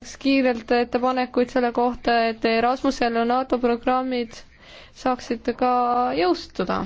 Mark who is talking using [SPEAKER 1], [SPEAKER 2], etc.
[SPEAKER 1] teeks kiirelt ettepanekuid selle kohta, et Erasmusel ja NATO programmid saaksid ka jõustuda.